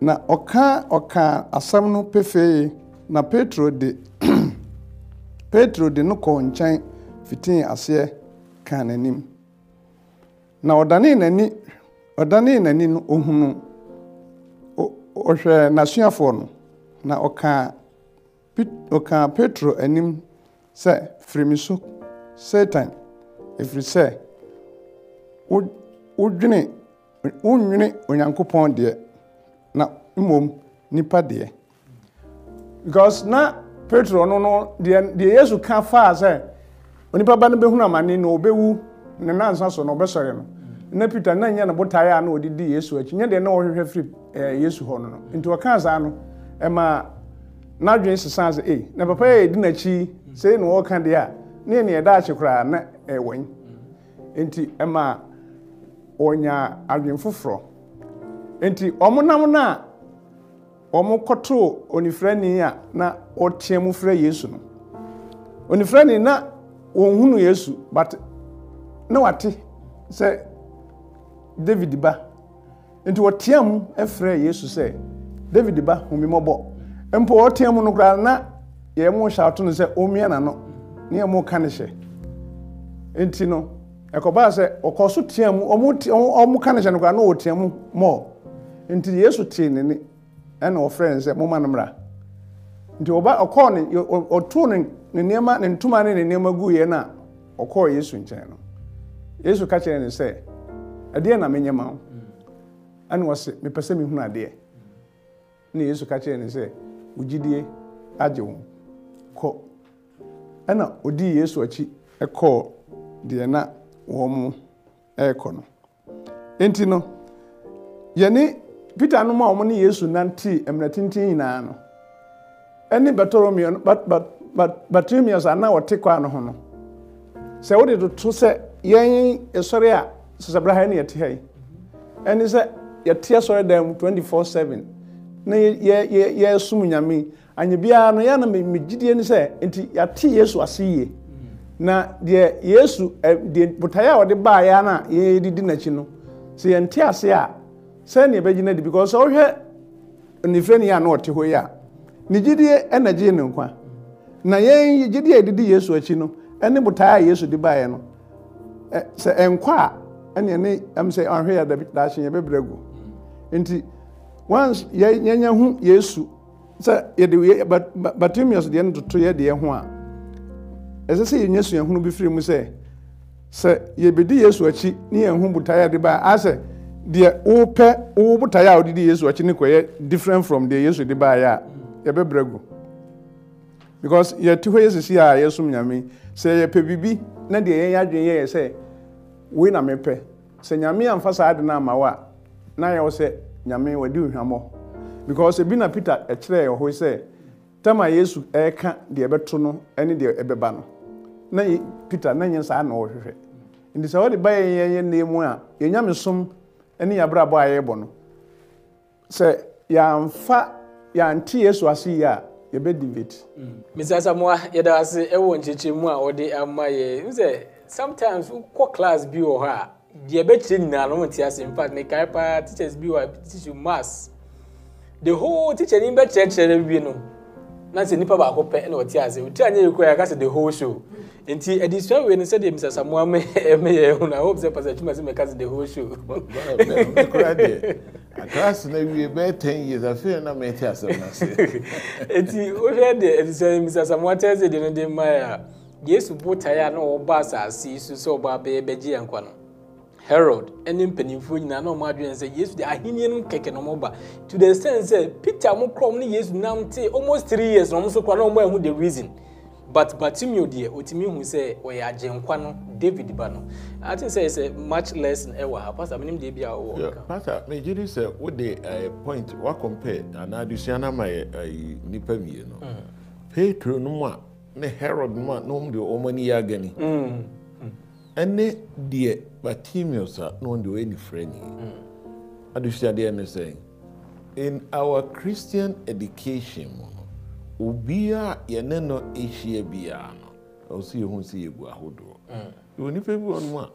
na ɔka ɔka asɛm no pefee na petro de petro de no kɔɔ nkyɛn fitii aseɛ kaa n'anim na ɔdanee n'ani ɔdanee n'ani no ohunu ɔhwɛɛ n'asuafoɔ no na ɔkaa ɔkaa petro anim sɛ firi mi so satan ɛfiri sɛ wodwene wonnwene onyankopɔn deɛ na mmom nipa deɛ because na petro no no deɛ deɛ yesu ka fa sɛ onipa ba no bɛhunu amane na ɔbɛwu ne nansa so na ɔbɛsɔre no na peter na nyɛ ne botaeɛ a na ɔde di yesu akyi nyɛ deɛ na ɔhwehwɛ firi ɛɛ eh, yesu hɔ no no nti ɔka saa no ɛma n'adwene sisan sɛ ee na papa yɛ edi n'akyi sɛ na ɔka deɛ a ne yɛ ne yɛda akyi koraa na ɛwɔnyi nti ɛma ɔnya adwene foforɔ nti ɔmo nam na. wɔkɔtoo onifirani a na ɔteɛ mu yesu no onifirani na wɔnhunu yesu but na wate sɛ david ba nti wɔteɛ mu yesu sɛ david ba homimɔbɔ mpo ɔteɛ mu no na yɛn mo hyɛ ato no sɛ n'ano ne yɛn mo ka ne hyɛ nti no sɛ ɔkɔ so teɛ mu na ɔwɔ mu mɔɔ nti yesu tee ne ɛna ɔfrɛ no sɛ moma no mmra nti ɔba ɔkɔɔ ne ɔtoo ne nneɛma ne ntoma ne ne nneɛma gu yɛ no a ɔkɔɔ yesu nkyɛn no yesu ka kyerɛ ne sɛ na menyɛ ma wo ɛna ɔse mepɛ na yesu ka kyerɛ ne sɛ wo gyidie agye wo kɔ ɛna yesu akyi ɛkɔɔ deɛ na wɔn ɛrekɔ no nti no peter no mu a wɔn ne yesu nante mmerɛ tenten nyinaa no ɛne bartolomeo bat bat bat bartolomeus a na wɔte kwan no ho no sɛ wɔde toto sɛ yɛn esɔre a sɛsɛbra ha ne yɛte ha yi ɛne sɛ yɛte asɔre dan mu twenty four seven na yɛ yɛ yɛsum nyame anya biara no yɛn na me gyidie ne sɛ nti yɛate yesu ase yie na deɛ yesu ɛ deɛ botaeɛ a wɔde baa yɛn na yɛdidi n'akyi no sɛ yɛnte ase a sɛnea ɛbɛgyina di because ɔhwɛ onifirani a na ɔte hɔ yi a ne gyidie ɛna gye ne nkwa na yɛn gyidie a yɛdidi yesu akyi no ɛne botaa a yesu de baeɛ no ɛ sɛ ɛnkwa a ɛnea ne ɛm sɛ ɔhwɛ yɛ daakye yɛ bɛbrɛ gu nti once yɛn yɛn ho yesu sɛ yɛde yɛ batumius deɛ no toto yɛ deɛ ho a ɛsɛ sɛ yɛnyɛ suahunu bi firi mu sɛ sɛ yɛbɛdi yesu akyi ne yɛn ho botaa yɛ de baeɛ asɛ. deɛ wopɛ wo a wode yesu akyi ne kɔyɛ different from deɛ yesu de baeɛ a yɛbɛbrɛ gu because yɛte hɔ yɛsisi a yɛsom nyame sɛ yɛpɛ biribi na deɛ yɛn adwene yɛyɛ sɛ wei na mepɛ sɛ nyame amfa saa ade no ama a na yɛwo sɛ nyame ohwammɔ because ebi na peter ɛkyerɛɛ ɛhɔ sɛ tam a yesu ɛreka deɛ ɛbɛto no ne deɛ ɛbɛba na peter na nyɛ saa na ɔhwehwɛ nti sɛ ba ne yɛabrabɔ mm. e a yɛrebɔ no sɛ yɛamfa yɛante yesu ase yie a yɛbɛdi vɛti mesa samoa yɛda ase ɛwɔ nkyekyɛmu a wɔde ama yɛ sɛ sometimes wokɔ class bi wɔ hɔ a deɛ ɛbɛkyerɛ nyinaa no wonte ase mfact mekae paa teachers bi wɔ a teach mass the whole teacher ni bɛkyerɛkyerɛ no wie no na sɛ nnipa baako pɛ na ɔte ase ɔtua nyɛ yɛ yɛka sɛ the whole show nti adisua wei no sɛdeɛ mr samoa mɛyɛ [LAUGHS] ho no hope sɛ pastor chuma sɛ mɛka se the whole show kora deɛ akraase no awie bɛyɛ 10 years afei e na mɛte asɛm no ase [LAUGHS] nti wohwɛ deɛ adisua mr samoa tɛɛ sɛ deɛ no de mmae a yesu botae a na wɔba asase yi so sɛ ɔba bɛyɛ bɛgye yɛ nkwa no herod ne mpanimfoɔ nyinaa na ɔmo adwene sɛ yesu de ahenni no kɛkɛ na ɔmo ba to the sense sɛ peter mo korɔ ɔmo ne yesu nam te almost three years na ɔmo so kora na ɔmo ɛho the reason but Bartimeo deɛ otumi hu sɛ ɔyɛ agyenkwa no david ba no ati sɛ sɛ much less ɛwɔ ha pastor mi nim deɛ bi a ɔwɔ ka. pastor mi gye ni sɛ o de ɛɛ eh, point wa compare anaa adusua na ma yɛ ɛɛ eh, nipa mmienu petro no mu a ne herod no mu a na wɔn de wɔn ani yɛ agani mm. mm. ɛne deɛ Bartimeo sa na wɔn de wɔn ani fira ni mm. adusua deɛ ne sɛ in our christian education mu. obia yɛne no ɛhyia biara no ɛwɔ sɛ yɛhu sɛ yɛgu ahodoɔ mm. yɛwɔ nnipa bi wɔ mu a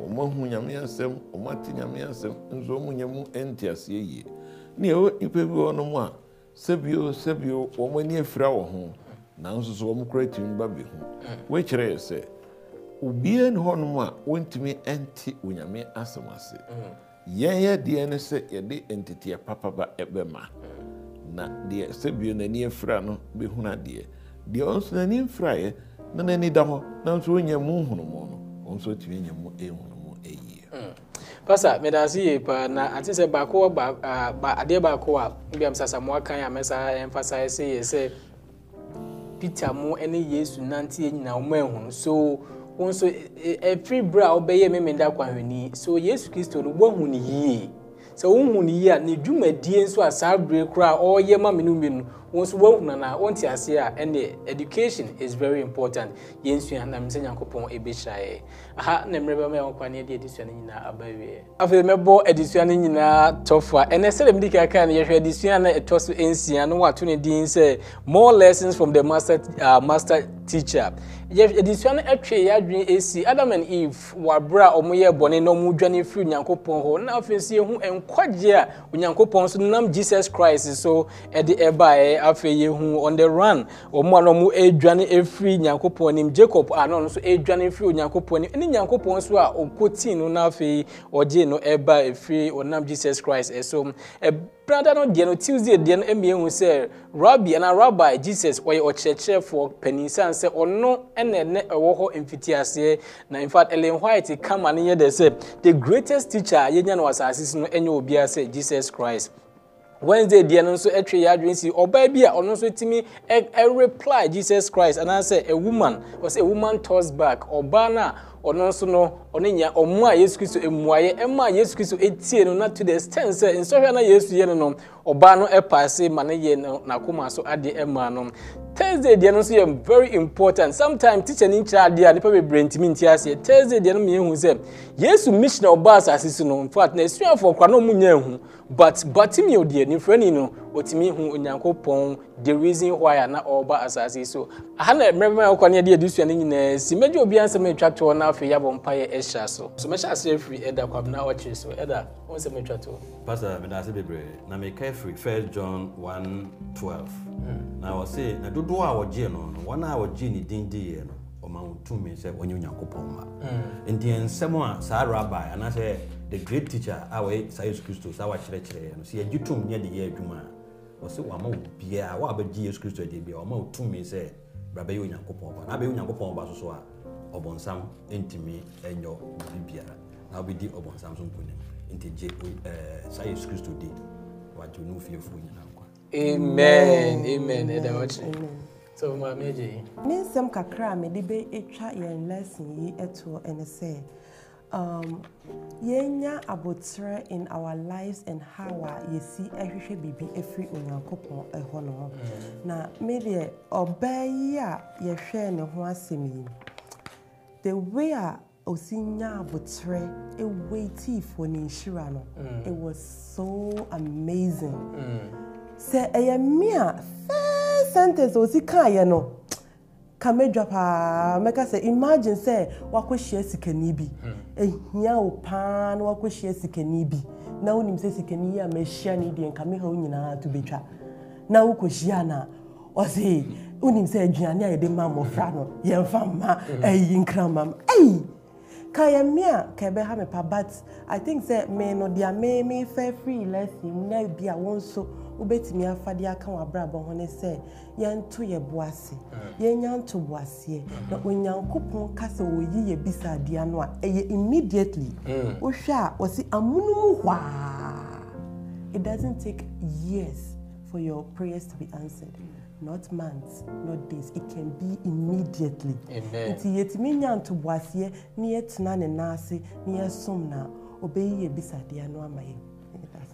ɔma hu nyame asɛm ɔma te nyame asɛm nso ɔmo nyɛ mu ɛnteaseɛ yie ne ɛwɔ nnipa bi wɔ mu a sɛbio sɛbio wɔn ani afira wɔ ho nanso so wɔn kora tumi ba bɛhu mm. wɔakyerɛ yɛ sɛ obiara ni hɔnom a wɔntumi ɛnte onyame asɛm ase mm. yɛn yɛ deɛ ne sɛ yɛde nteteɛ papaba ɛbɛma. Mm. na deɛ sɛbio n'ani afira no bɛhunu adeɛ deɛ ɔnso n'ani mfiraeɛ na n'ani da hɔ nanso ɔnyɛ mu nhunumu no ɔnso tumi nyɛ mu nhunumu ayie. Mm. pasa medansi yie paa na ate sɛ baako wɔ ba adeɛ baako a ebi amusasamoa kan a mɛsa ɛmfasa ɛsɛ yɛ sɛ peter mu ne yesu nante yɛ nyinaa wɔn ɛhunu so wɔn nso e, e, ɛfiri bere a ɔbɛyɛ mmemme da kwan hwɛ so yesu kristo no wɔn ahunu yie sɛ wohu no yie a ne dwumadie nso a saa berɛ koraa a ɔreyɛ ma me no mmienu wo nso woahuna no a wonte aseɛ a ɛneɛ education is very important yɛnsua na mesɛ nyankopɔn ɛbɛhyira yɛ ha na mmerɛ bɛma yɛwo kwan yɛde adesua no nyinaa aba wieɛ afei mɛbɔ adesua no nyinaa tɔfo a ɛnɛ sɛdeɛ mede kaka no yɛhwɛ adesua no ɛtɔ so nsia no wɔato ne din sɛ more lessons from the master, uh, master teacher yɛdesua no atwe yɛ adwene ɛsi adam and eve wɔaberɛ a ɔmoyɛ bɔne na ɔmodwane firi onyankopɔn hɔ na afei nso yɛhu nkwagye a onyankopɔn so nam jesus christ so ɛde ɛbaeɛ afei yɛhu on the run ɔmo a na ɔmo adwane ɛfiri nyankopɔn anim jacob a na ɔno nso adwane firi onyankopɔn anim ne nyankopɔn nso a ɔkɔtii no na afei ɔgye no ɛba ɛfiri ɔnam jesus christ ɛso ɛbrada no deɛ no tuesday deɛ no mmienu sɛ rabbi anaa rabbi jesus ɔyɛ ɔkyerɛkyerɛfoɔ paninsan sɛ ɔno ɛna ɛnɛ ɛwɔ hɔ mfitiaseɛ na in fact ellen white kama no yɛ dɛ sɛ the greatest teacher a yɛnya no asase so no ɛnyɛ obiara sɛ jesus christ wednesday deɛ no nso atwa yɛ adwene si ɔbaa bi a ɔno nso tumi ɛreply jesus christ anaasɛ a woman ɔsɛ a woman toss back ɔbaa no a ɔno nso no ɔne nya ɔmo a yesu kristo mmuayɛ ɛma a yesu kristo etie no na to the extent sɛ nsɔhwɛ na yesu yɛ no no ɔbaa no ɛpaase ma ne yɛ no n'akoma so adeɛ ɛmaa no thursday deɛ no nso yɛ very important sometimes teacher ni nkyerɛ adeɛ a nipa bebree ntumi nti aseɛ thursday deɛ no mmienu sɛ yesu mission ɔbaa asase so no in fact na esuafoɔ kora na ɔmo nya ehu but Bartimaeus deɛ ne mfrani no otimi hu onyankopon the reason why a na oba asase so aha na mmarima a wɔkɔ ne yɛde yɛde sua no si mɛgye obi na atwa toɔ na afei yɛabɔ mpaeɛ so so mɛhyɛ ase eda ɛda na so ɛda wɔn sɛm atwa pastor na hmm. na john 112 na na hmm. a no a din no tumi ma a the great teacher a wɔyɛ saa yesu kristo saa wakyerɛkyerɛeɛ no sɛ yɛgye tom ne de yɛ adwuma a ɔsɛ wama wo biaa woabɛgye yesu kristo adeɛ bia wama wo tumi sɛ bra bɛyɛ onyankopɔn ba na bɛyɛ onyankopɔn ba so so a ah, ɔbɔnsam ntumi nyɛ biribi biara na wobɛdi ɔbɔnsam so nkonim nti gye eh, saa yesu kristo di wagye ne wofiefoɔ nyinaa nkwa amen amen ɛda wakyerɛ so maame agye yi ne nsɛm kakra a mede bɛtwa yɛn lesson yi toɔ ɛne sɛ Um, yɛnya abotire in our lives and how a yɛsi hwehwɛ biribi afiri onyankopɔn hɔ no ho mm-hmm. na medeɛ ɔbaa yi a yɛhwɛ ne ho asɛm yi the way a osi nya abotire eweitiifo ne nhyira no mm. it was so amazing mm. sɛ ɛyɛ mmea first sentence osi kaa yɛ no mɛka paa mɛka sɛ imagine sɛ wakɔhyia sikani bi ɛhia hmm. eh, wo paa na wakɔhyia sikani bi na wonim sɛ sikani yi a mahyia no deɛ nka meha wo nyinaa to bɛtwa na wokɔhyia no a ɔse wonim sɛ aduane a yɛde ma mmɔfra no yɛmfa mma ayi nkra ma m ei ka yɛ me a ka ɛbɛha me pa but i think sɛ me no deɛ me mefɛ firi lesson mu na bi a wo nso wobɛtumi afadeɛ aka wɔ abrabɔ ho ne sɛ yɛnto yɛ bo ase eh. yɛnya nto bo aseɛ na eh. onyankopɔn kasa wɔyi yɛ bisa adeɛ no a ɛyɛ immediately eh. wohwɛ a wɔsi amunumu hwaa it doesn't take years for your prayers to be answered not months not days it can be immediately nti yɛtumi nya nto bo aseɛ ne yɛtena ne nan ase ne yɛsom na ɔbɛyi yɛ bisa no ama yɛn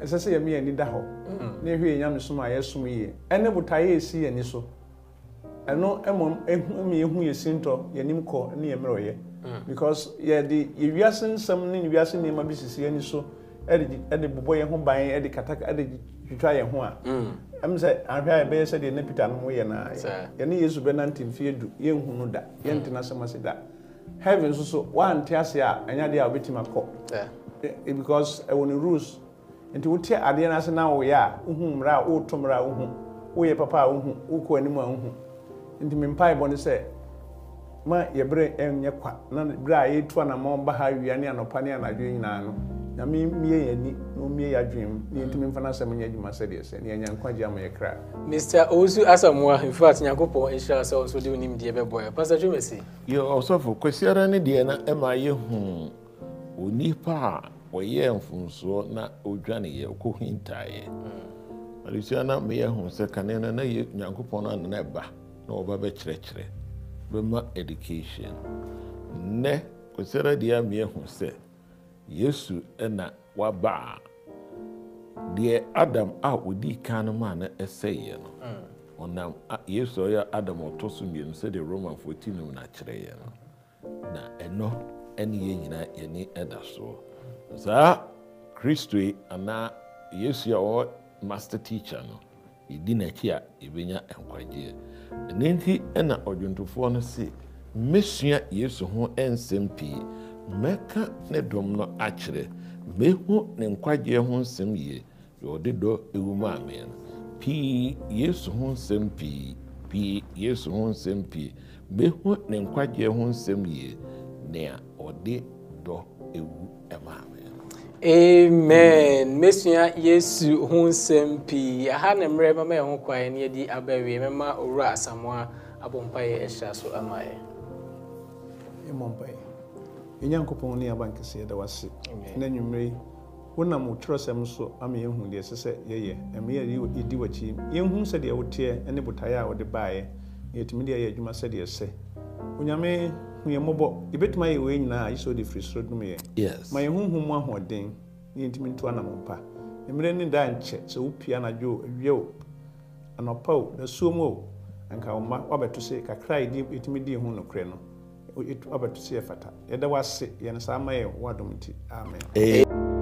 ɛsɛ sɛ yɛmi yɛn da hɔ na ehwɛ yɛn nyame som a yɛsom yie ɛne botaeɛ esi yɛn so ɛno ɛmɔ ɛmi ehu yɛ sintɔ yɛnim kɔ ne yɛn mmerɛ yɛ mm. because yɛde yɛwiase nsɛm ne yɛwiase nneɛma bi sisi yɛn so ɛde ɛde bobɔ yɛn ho ban ɛde kata ɛde twitwa yɛn ho a mm. ɛmu sɛ ahwɛ a yɛbɛyɛ sɛdeɛ ne peter no ho yɛ na yɛne yesu bɛnante mfie du yɛnhu no da yɛntena mm. asɛm ase da heaven nso so wɔante ase a ɛnyɛ adeɛ a wɔbɛtumi akɔ eh, eh, because ɛwɔ ne rules nti wote adeɛ no ase na woyɛ a wohu mmerɛ a woto mmerɛ a wohu woyɛ papa a wohu wokɔ anim a wohu nti mempaebɔ ne sɛ ma yɛberɛ ɛnyɛ kwa na berɛ a yɛtu anamma ba ha awia ne anɔpa ne anadwo nyinaa no nyame mmie yɛni na ɔmmie yɛ adwene mu ne yɛntumi mfa no asɛm nyɛ adwuma sɛdeɛ sɛ ne yɛnya nkwagye ama yɛ kra mr owusu asamoa infact nyankopɔn nhyira sɛ wo so de wonim deɛ bɛbɔɛ pastor dwomasi yɛ ɔsɔfo kwasiara ne deɛ na ɛma yɛhu onipa a wɔyɛɛ mfomsoɔ na na ɔkɔhintaeɛ mm. adesua na meyɛ na sɛ kane no na yɛ nyankopɔn no na ɛba na wɔba bɛkyerɛkyerɛ bɛma education nnɛ kɔsɛra deɛ ameɛ hu sɛ yesu ɛna waba a deɛ adam a ɔdii kan no maa no ɛsɛeɛ no mm. ɔnam yesu ɔyɛ adam ɔtɔ so mmienu sɛdeɛ roman 14 no nakyerɛeɛ no na ɛnɔ ɛne nyinaa yɛne ɛda soɔ saa kristo yi anaa yesu a ɔwɔ master teacher no yɛdi n'akyi a yɛbɛnya nkwagyeɛ ɛno nti ɛna ɔdwontofoɔ no se mɛsua yesu ho nsɛm pii mɛka ne dɔm no akyerɛ mɛhu ne nkwagyeɛ ho nsɛm yie deɛ ɔde dɔ ɛwu maame no pii yesu ho nsɛm pii pii yesu ho nsɛm pii mɛhu ne nkwagyeɛ ho nsɛm yie nea ɔde dɔ ɛwu maame amen mesua yesu ho nsɛm pii aha ne mmerɛ mɛma yɛ ho ne yɛdi aba awie mɛma owura asamoa abɔmpayɛ ɛhyira so ama yɛ ɛnyankopɔn ne yɛaba nkɛseɛ da wase na anwummere wonam wotwerɛsɛm so ama yɛhu deɛ ɛsɛ sɛ yɛyɛ w'akyi sɛdeɛ woteɛ ne botaeɛ a wode baeɛ na yɛtumi de adwuma sɛdeɛ onyame hunyɛ mmɔbɔ ebetuma yɛ wɔyɛ nyinaa ayi sɛ ɔde firi soro dum yɛ yes ma yɛn huhu mu ahoɔden ne yɛn tumi to anam mpa mmerɛ ne da nkyɛ sɛ wopi anadwo awia o anɔpa o dasuo mu o anka wo mma wabɛto se kakra a yɛdi yɛtumi di ho nokorɛ no wabɛto se yɛ fata yɛda wase yɛn saa ma yɛ wadom ti amen hey.